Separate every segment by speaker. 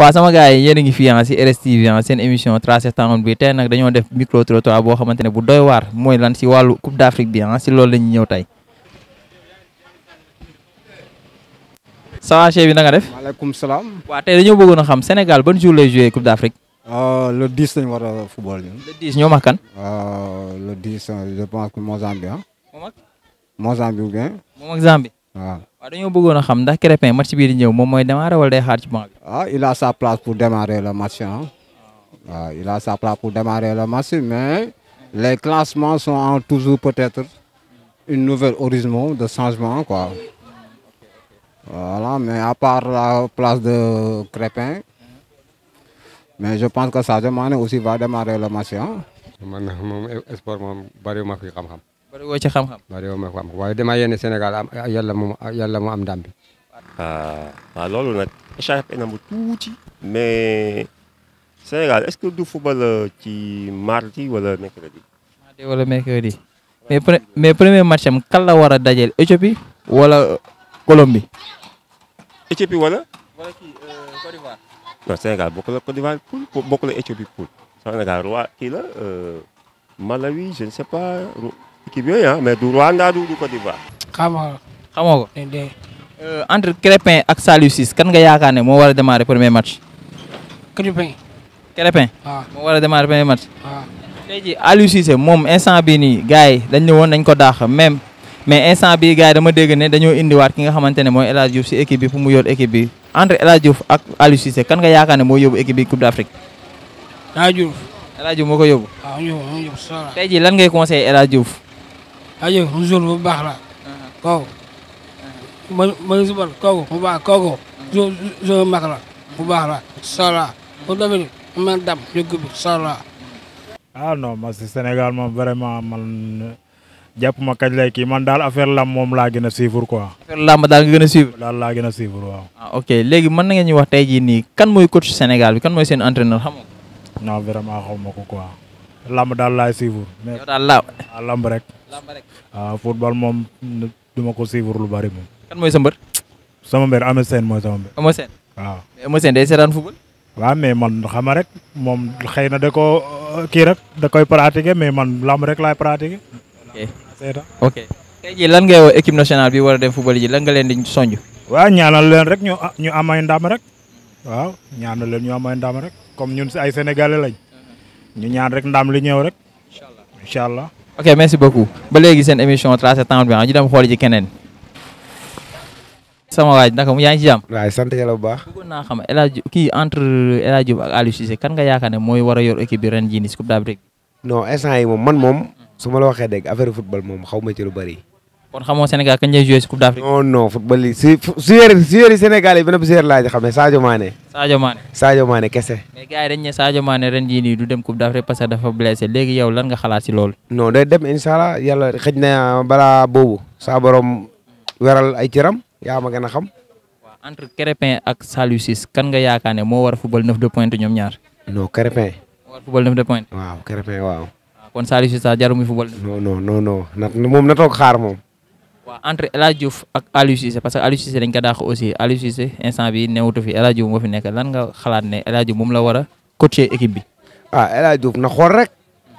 Speaker 1: waa sama gars yi yéen a ngi fii ah si RSTV ah seen émission tracé town bi tey nag dañoo def micro trottoir boo xamante ne bu doy waar mooy lan si wàllu Coupe d'Afrique bi ah si loolu la ñu ñëw tey. ça chef bi na def.
Speaker 2: maaleykum salaam. waaw
Speaker 1: tey dañoo bëggoon a xam Sénégal ban jour lay joué Coupe d'Afrique.
Speaker 2: Euh, le 10 lañu war a football. le 10 ñoo mag kan. Euh, le 10 euh, je pense que Mozambique ah. moom ak. Mozambique
Speaker 1: waaw dañoo bëggoon a xam ndax Krépin match bii di ñëw moom mooy démarrer wala day xaar ci banc bi.
Speaker 2: ah il a sa place pour démarrer le match il a sa place pour démarrer le match mais les classements sont en toujours peut-être une nouvelle horizon de changement quoi. Voilà, mais à part la place de Crépin, mais je pense que sa Mané aussi va démarrer le match. man moom espoir moom bari bari woo ci xam-xam bari woo ma Sénégal am
Speaker 3: yàlla mu am ndam bi ah, ah, loolu nag échange na tuuti mais Sénégal est-ce que du football euh, ci mardi wala
Speaker 1: mercredi mais mais premier match am kan la war a dajeel Éthiopie wala euh, Colombie
Speaker 3: Éthiopie wala wala kii euh, Côte d'Ivoire Sénégal bokk la Côte d'Ivoire bokk la Éthiopie poul Sénégal roi kii Malawi je ne sais pas équipe yooyu ah mais du Rwanda du du Côte d'Ivoire.
Speaker 2: xamoo ko
Speaker 1: xamoo ko. Euh, entre Crépin ak Saliou Ciss kan nga yaakaar ne moo war a démarrer premier match. Crépin. Crépin. Ah. a démarrer premier match. waaw ah. tey moom instant bii nii gars yi dañ ne woon dañ ko daax même mais instant bi gars dama dégg ne dañoo indiwaat ki nga xamante ne mooy El Hadj Diouf si équipe fu pour mu yor équipe bi entre El Hadj Diouf ak Aliou Cissé kan nga yaakaar ne moo yóbbu équipe bi Coupe d'Afrique. El Hadj moo ko yóbbu. waaw ah, lan ngay conseillé El Hadj Diouf ajo toujours bu baax la uh-huh. kooku uh-huh. ma ma subal kooku bu baax kooku toujours uh-huh. mag la bu baax la
Speaker 2: sola bu dafini man dam yëgg bi sola ah non ma si Sénégal moom vraiment man jàpp ma kañ lay kii man daal affaire lamb moom laa gën a suivre
Speaker 1: quoi. affaire lamb daal nga gën a suivre. laa gën a suivre waaw. ah ok léegi mën na ngeen ñu wax tey jii nii kan mooy coach Sénégal bi kan mooy seen entraîneur xam nga. non vraiment xaw ma ko quoi. lamb daal laay suivre. yow daal laaw lamb rek. lamb rek football moom du ko suivre lu bari moom. kan mooy sa mbër. sama mbër Eumeu Sène mooy mais Eumeu Sène football. waaw mais man xama rek moom xëy na da ko kii rek da koy pratiquer mais man lamb rek laay pratiquer. ok tey jii lan ngay woo équipe nationale bi war a dem football ji lan nga leen di sonj. waaw ñaanal leen rek ñu ñu amay ndam rek waaw
Speaker 2: ñaanal leen ñu amay ndam rek comme ñun si ay sénégalais lañ. ñu ñaan rek ndaam li ñëw rek
Speaker 1: incha allah. ok merci beaucoup ba léegi seen émission tracé temps bi ah, ñu dem xool ji keneen. sama waaj naka yaa ngi ci jàmm. waaw sant yàlla bu baax. bëggoon naa xam El Hadj kii entre El Hadj ak Aliou Cissé kan nga yaakaar ne mooy war a yor équipe ren jiini nii si Coupe d'Afrique. non instant
Speaker 2: yi moom man moom. su ma la waxee dégg affaire football moom xaw ma ci lu bari.
Speaker 1: kon xamoo Sénégal kañ lay joué si Coupe
Speaker 2: d'Afrique. non non football yi su su yore Sénégal yi benn bu seer laa ci xamee Sadio Mané. Sadio Mané Sadio Mané kese.
Speaker 1: mais gars yi dañ ne Sadio Mané ren jii nii du dem Coupe d'Afrique parce dafa blessé léegi yow lan nga xalaat si loolu.
Speaker 2: non day dem incha allah yàlla xëj na balaa boobu saa borom weral ay cëram yaa ma gën a xam.
Speaker 1: waaw entre Crépin ak Saliou Ciss kan nga yaakaar ne moo war a football neuf de pointe ñoom ñaar. non Crépin. waaw Crépin waaw. kon Saliou Ciss jarul muy moom na toog waaw entre El Hadj ak Aliou parce que Aliou Cissé dañ ko dàq instant bi newutu fi El Hadj Diouf nga xalaat ne El Hadj la war a coacher équipe bi.
Speaker 2: ah El Hadj rek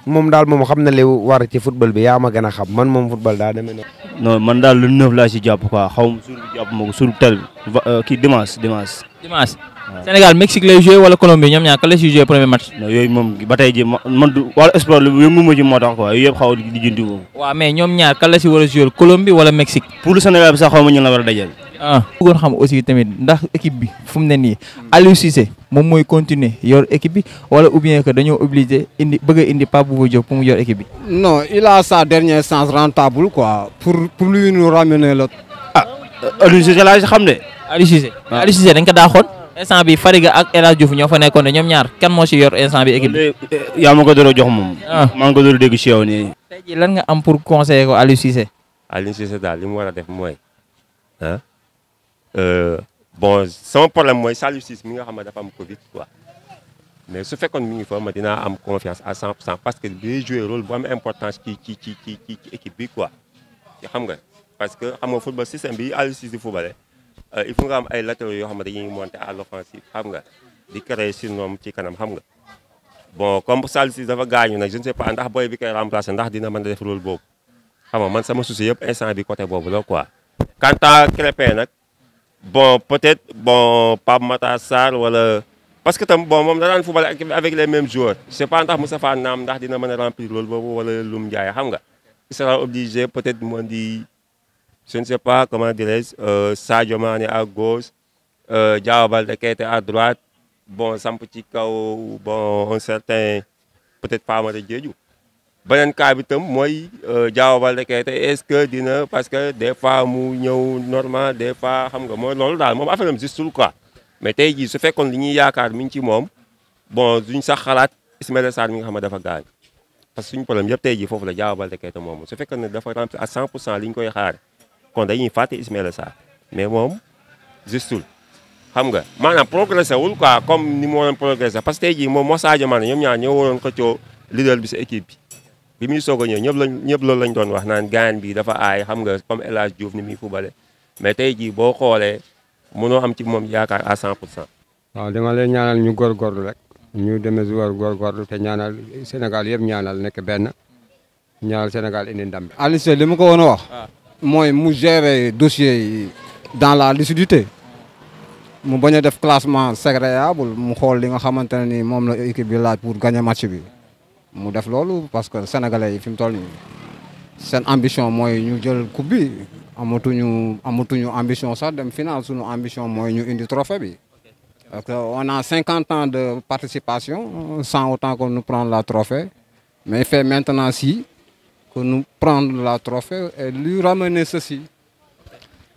Speaker 2: moom daal moom xam na li war ci football bi yaa ma gën a xam man moom football daa demee na. non man daal lu neuf laa si jàpp
Speaker 1: quoi xaw ma suur bi jàpp ma ko suur tel euh, kii dimanche dimanche. dimanche Sénégal Mexique wala Colombie ñoom ñaar la siy joué premier match. non yooyu ma ci tax quoi yëpp xaw di lijjanti ko. waaw mais ñoom ñaar kan si war a joué Colombie wala Mexique. pour le Sénégal bi sax xaw ma ñu la war a dajal. Ah. bëggoon xam aussi tamit ndax équipe bi fu mu ne nii Aliou Cissé moom mooy continuer yor équipe bi wala ou bien que dañoo obligé indi bëgg indi Pape Bouba Diop pour mu yor équipe bi.
Speaker 2: non il a sa dernière chance rentable quoi pour pour lui nous ramener le.
Speaker 1: ah euh, Aliou Cissé laa xam ne Aliou Cissé ah. Aliou Cissé dañ ko daaxoon. instant bi Fadiga ak El Hadj ñoo fa nekkoon ne ñoom ñaar kan moo si yor instant bi équipe bi.
Speaker 3: ko doon jox moom. Ah. maa ngi ko doon
Speaker 1: dégg si yow nii. tey nga am pour conseiller ko Aliou Cissé. Aliou daal li mu war a def mooy
Speaker 3: Euh, bon sama problème mooy Saliou Ciss mi nga xam ne dafa am Covid quoi mais su fekkoon mi ngi fa ma dinaa am confiance à 100 pour parce que day joué rôle bu am importance ci ci ci ci ci équipe bi quoi xam nga parce que xam nga football système bi Aliou Ciss di footballé euh, il faut nga am ay latéraux yoo xam ne dañuy monter à l'offensive xam nga di créer surnom ci kanam xam nga bon comme Saliou Ciss dafa gaañu nag je ne pas ndax booy bi koy remplacé ndax dina man a def rôle boobu xam nga man sama souci yëpp instant bi côté boobu la quoi bon peut-être bon Pape mataa Sarr wala parce que tam bon moom da daan football avec les mêmes joueurs je sais pas ndax Moustapha Naam ndax dina mën a remplir loolu boobu wala Loum Ndiaye xam nga il sera obligé peut-être moo di je ne sais pas comment dirais-je euh, Sadio Mané à gauche euh, Diao Baldé Keita à droite bon samp ci kaw bon un certain peut-être Famara Diédhiou beneen cas bi tam mooy euh, Diao Baldé Keita est-ce que dina parce que des fois mu ñëw normal des fois xam nga mooy loolu daal moom affaire am juste quoi mais tey jii su fekkoon li ñuy yaakaar mi ngi ci moom bon duñ sax xalaat Ismaïla Sarr mi nga xam ne dafa gaañ parce que suñu problème yëpp tey jii foofu la Diao Baldé Keita moom su fekkoon ne dafa rempli à 100 pour cent li ñu koy xaar kon dañuy fàtte Ismaïla Sarr mais moom justul xam nga maanaam progressé wul quoi comme ni moo Sadio Mané ñoo waroon xëccoo leader bi. bi muy soog a ñëw ñëpp lañ ñëpp lañ doon wax naan gaan bi dafa aay xam nga comme El Hadj Diouf ni muy fubale mais tey jii boo xoolee mënoo am ci moom yaakaar à 100 pour cent. waaw dama lay
Speaker 2: ñaanal ñu góorgóorlu rek. ñu demee joueur góorgóorlu te ñaanal Sénégal yëpp ñaanal nekk benn ñaanal Sénégal indi ndam bi. Aliou Cissé li ma ko woon a wax. Ah. mooy mu gérer dossier yi dans la lucidité. mu bañ a def classement agréable mu xool li nga xamante ne ni moom la équipe bi laaj pour gagner match bi. mu def loolu parce que sénégalais yi fi mu toll nii seen ambition mooy ñu jël coupe bi amatuñu amatuñu ambition sax dem final suñu ambition mooy ñu indi trophée bi parce que on a cinquante ans de participation sans autant que nous prendre la trophée mais il fait maintenant si que nous prendre la trophée et lui ramener ceci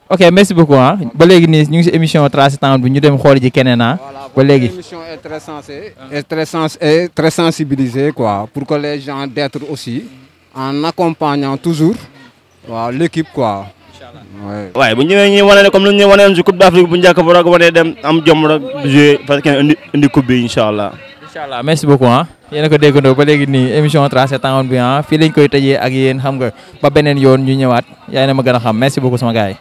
Speaker 1: ok merci beaucoup ah ba léegi nii ñu ngi si émission Trace Town bi ñu dem xool ji keneen ah ba léegi.
Speaker 2: émission est très sensée et très sens pour que les gens aussi en accompagnant toujours waaw l'équipe quoi. waaye
Speaker 3: bu ñëwee ñu wane ne comme ni ñu waneeoon si coupe d'Afrique bu njëkk bu rek wane dem am jom rek jouer parce que indi indi coupe bi incha allah.
Speaker 1: incha allah merci beaucoup ah yéen a ko déggandoo ba léegi nii émission Trace Town bi fii lañ koy tëjee ak yéen xam ga ba beneen yoon ñu ñëwaat yaay na ma gën a xam merci beaucoup sama gars yi.